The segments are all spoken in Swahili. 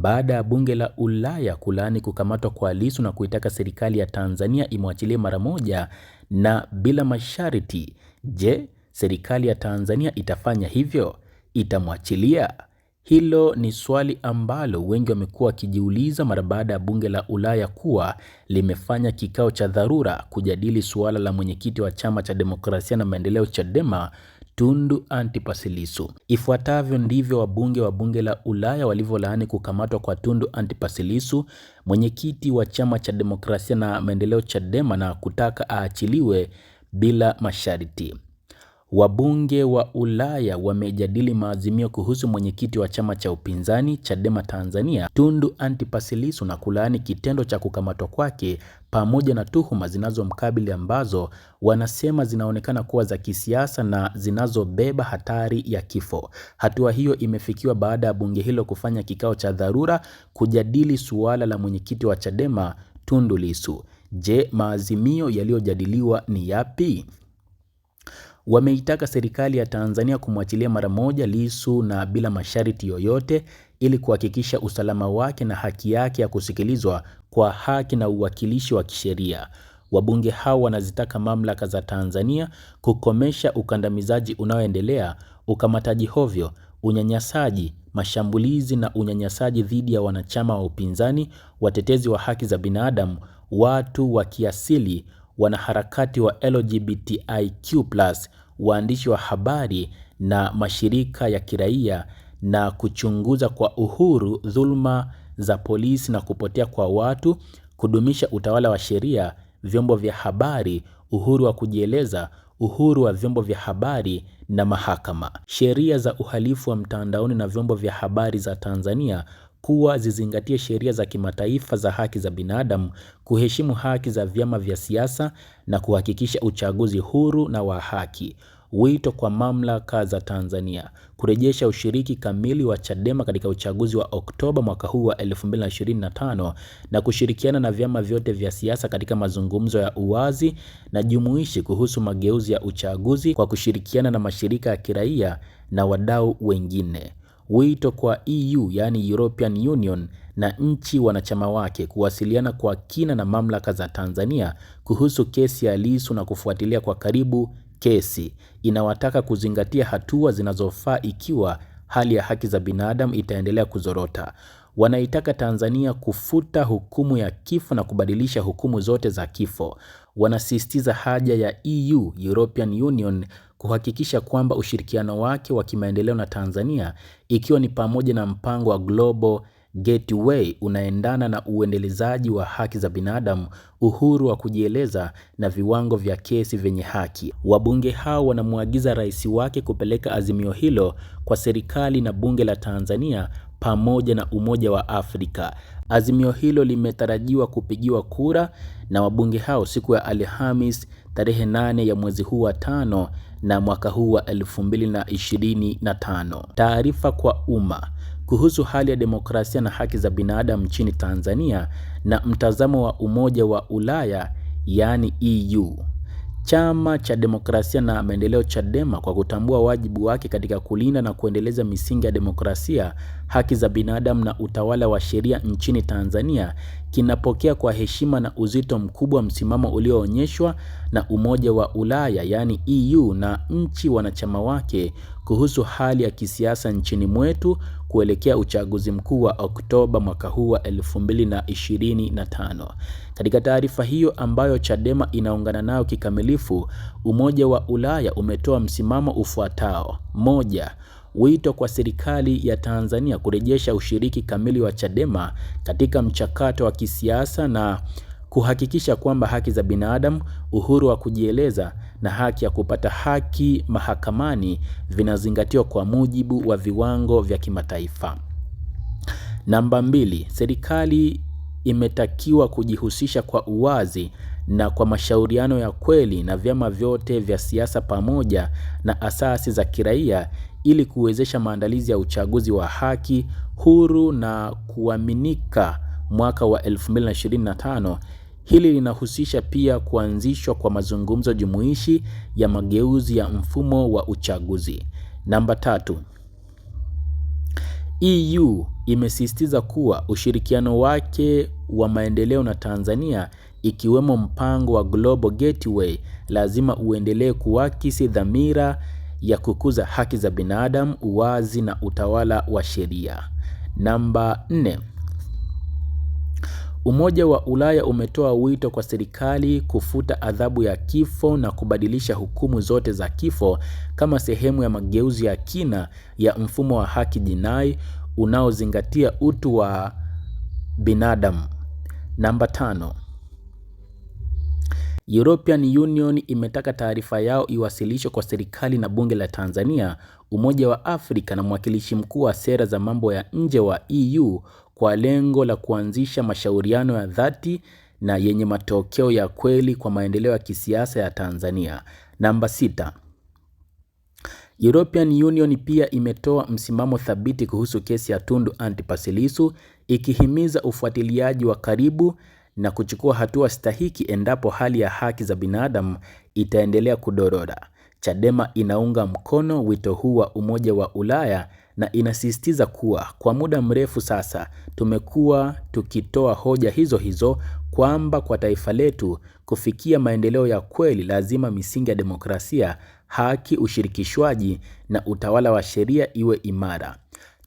baada ya bunge la Ulaya kulaani kukamatwa kwa Lissu na kuitaka serikali ya Tanzania imwachilie mara moja na bila masharti. Je, serikali ya Tanzania itafanya hivyo? Itamwachilia? Hilo ni swali ambalo wengi wamekuwa wakijiuliza mara baada ya bunge la Ulaya kuwa limefanya kikao cha dharura kujadili suala la mwenyekiti wa chama cha demokrasia na maendeleo Chadema Tundu Antipas Lissu. Ifuatavyo ndivyo wabunge wa bunge la Ulaya walivyolaani kukamatwa kwa Tundu Antipas Lissu, mwenyekiti wa chama cha demokrasia na maendeleo Chadema, na kutaka aachiliwe bila masharti. Wabunge wa Ulaya wamejadili maazimio kuhusu mwenyekiti wa chama cha upinzani Chadema Tanzania Tundu Antipas Lissu na kulaani kitendo cha kukamatwa kwake pamoja na tuhuma zinazomkabili ambazo wanasema zinaonekana kuwa za kisiasa na zinazobeba hatari ya kifo. Hatua hiyo imefikiwa baada ya bunge hilo kufanya kikao cha dharura kujadili suala la mwenyekiti wa Chadema Tundu Lissu. Je, maazimio yaliyojadiliwa ni yapi? wameitaka serikali ya Tanzania kumwachilia mara moja Lissu na bila masharti yoyote ili kuhakikisha usalama wake na haki yake ya kusikilizwa kwa haki na uwakilishi wa kisheria. Wabunge hao wanazitaka mamlaka za Tanzania kukomesha ukandamizaji unaoendelea, ukamataji hovyo, unyanyasaji, mashambulizi na unyanyasaji dhidi ya wanachama wa upinzani, watetezi wa haki za binadamu, watu wa kiasili wanaharakati wa LGBTIQ+, waandishi wa habari na mashirika ya kiraia na kuchunguza kwa uhuru dhuluma za polisi na kupotea kwa watu, kudumisha utawala wa sheria, vyombo vya habari, uhuru wa kujieleza, uhuru wa vyombo vya habari na mahakama. Sheria za uhalifu wa mtandaoni na vyombo vya habari za Tanzania kuwa zizingatie sheria za kimataifa za haki za binadamu, kuheshimu haki za vyama vya siasa na kuhakikisha uchaguzi huru na wa haki. Wito kwa mamlaka za Tanzania kurejesha ushiriki kamili wa Chadema katika uchaguzi wa Oktoba mwaka huu wa 2025 na kushirikiana na vyama vyote vya siasa katika mazungumzo ya uwazi na jumuishi kuhusu mageuzi ya uchaguzi kwa kushirikiana na mashirika ya kiraia na wadau wengine wito kwa EU yaani European Union na nchi wanachama wake kuwasiliana kwa kina na mamlaka za Tanzania kuhusu kesi ya Lissu na kufuatilia kwa karibu kesi. Inawataka kuzingatia hatua zinazofaa ikiwa hali ya haki za binadamu itaendelea kuzorota. Wanaitaka Tanzania kufuta hukumu ya kifo na kubadilisha hukumu zote za kifo. Wanasisitiza haja ya EU European Union kuhakikisha kwamba ushirikiano wake wa kimaendeleo na Tanzania ikiwa ni pamoja na mpango wa Global Gateway unaendana na uendelezaji wa haki za binadamu, uhuru wa kujieleza na viwango vya kesi vyenye haki. Wabunge hao wanamwagiza rais wake kupeleka azimio hilo kwa serikali na bunge la Tanzania pamoja na Umoja wa Afrika. Azimio hilo limetarajiwa kupigiwa kura na wabunge hao siku ya Alhamis tarehe nane ya mwezi huu wa tano na mwaka huu wa 2025. Taarifa kwa umma kuhusu hali ya demokrasia na haki za binadamu nchini Tanzania na mtazamo wa Umoja wa Ulaya yaani EU. Chama cha Demokrasia na Maendeleo, Chadema, kwa kutambua wajibu wake katika kulinda na kuendeleza misingi ya demokrasia haki za binadamu na utawala wa sheria nchini Tanzania kinapokea kwa heshima na uzito mkubwa msimamo ulioonyeshwa na Umoja wa Ulaya yaani EU na nchi wanachama wake kuhusu hali ya kisiasa nchini mwetu kuelekea uchaguzi mkuu wa Oktoba mwaka huu wa 2025. Katika taarifa hiyo ambayo Chadema inaungana nayo kikamilifu, Umoja wa Ulaya umetoa msimamo ufuatao: moja, wito kwa serikali ya Tanzania kurejesha ushiriki kamili wa Chadema katika mchakato wa kisiasa na kuhakikisha kwamba haki za binadamu, uhuru wa kujieleza na haki ya kupata haki mahakamani vinazingatiwa kwa mujibu wa viwango vya kimataifa. Namba mbili, serikali imetakiwa kujihusisha kwa uwazi na kwa mashauriano ya kweli na vyama vyote vya siasa pamoja na asasi za kiraia ili kuwezesha maandalizi ya uchaguzi wa haki, huru na kuaminika mwaka wa 2025. Hili linahusisha pia kuanzishwa kwa mazungumzo jumuishi ya mageuzi ya mfumo wa uchaguzi. Namba tatu, EU imesisitiza kuwa ushirikiano wake wa maendeleo na Tanzania ikiwemo mpango wa Global Gateway lazima uendelee kuakisi dhamira ya kukuza haki za binadamu, uwazi na utawala wa sheria. Namba nne. Umoja wa Ulaya umetoa wito kwa serikali kufuta adhabu ya kifo na kubadilisha hukumu zote za kifo kama sehemu ya mageuzi ya kina ya mfumo wa haki jinai unaozingatia utu wa binadamu. Namba tano. European Union imetaka taarifa yao iwasilishwe kwa serikali na bunge la Tanzania, Umoja wa Afrika na mwakilishi mkuu wa sera za mambo ya nje wa EU kwa lengo la kuanzisha mashauriano ya dhati na yenye matokeo ya kweli kwa maendeleo ya kisiasa ya Tanzania. Namba sita. European Union pia imetoa msimamo thabiti kuhusu kesi ya Tundu Antipas Lissu ikihimiza ufuatiliaji wa karibu na kuchukua hatua stahiki endapo hali ya haki za binadamu itaendelea kudorora. Chadema inaunga mkono wito huu wa Umoja wa Ulaya na inasisitiza kuwa kwa muda mrefu sasa tumekuwa tukitoa hoja hizo hizo kwamba kwa taifa letu kufikia maendeleo ya kweli lazima misingi ya demokrasia, haki, ushirikishwaji na utawala wa sheria iwe imara.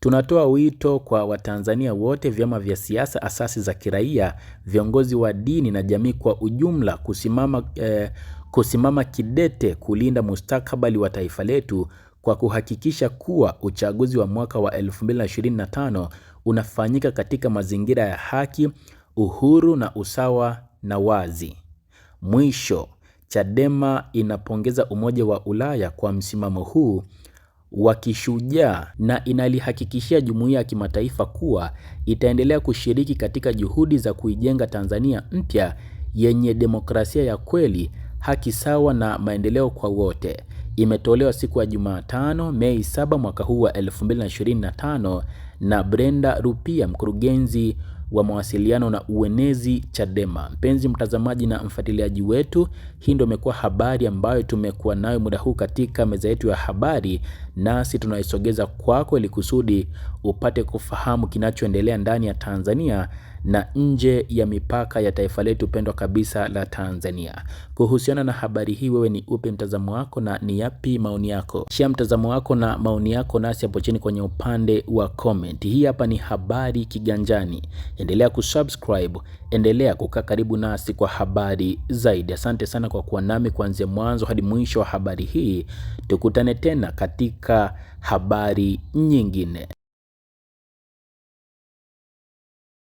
Tunatoa wito kwa Watanzania wote, vyama vya siasa, asasi za kiraia, viongozi wa dini na jamii kwa ujumla kusimama, eh, kusimama kidete kulinda mustakabali wa taifa letu kwa kuhakikisha kuwa uchaguzi wa mwaka wa 2025 unafanyika katika mazingira ya haki, uhuru na usawa na wazi. Mwisho, Chadema inapongeza Umoja wa Ulaya kwa msimamo huu wa kishujaa na inalihakikishia jumuiya ya kimataifa kuwa itaendelea kushiriki katika juhudi za kuijenga Tanzania mpya yenye demokrasia ya kweli, haki sawa na maendeleo kwa wote. Imetolewa siku ya Jumatano, Mei 7 mwaka huu wa 2025 na Brenda Rupia, mkurugenzi wa mawasiliano na uenezi Chadema. Mpenzi mtazamaji na mfuatiliaji wetu, hii ndio imekuwa habari ambayo tumekuwa nayo muda huu katika meza yetu ya habari, nasi tunaisogeza kwako ili kusudi upate kufahamu kinachoendelea ndani ya Tanzania na nje ya mipaka ya taifa letu pendwa kabisa la Tanzania. Kuhusiana na habari hii, wewe ni upi mtazamo wako na ni yapi maoni yako? Shia mtazamo wako na maoni yako nasi hapo chini kwenye upande wa comment. Hii hapa ni Habari Kiganjani. Endelea kusubscribe, endelea kukaa karibu nasi kwa habari zaidi. Asante sana kwa kuwa nami kuanzia mwanzo hadi mwisho wa habari hii. Tukutane tena katika habari nyingine.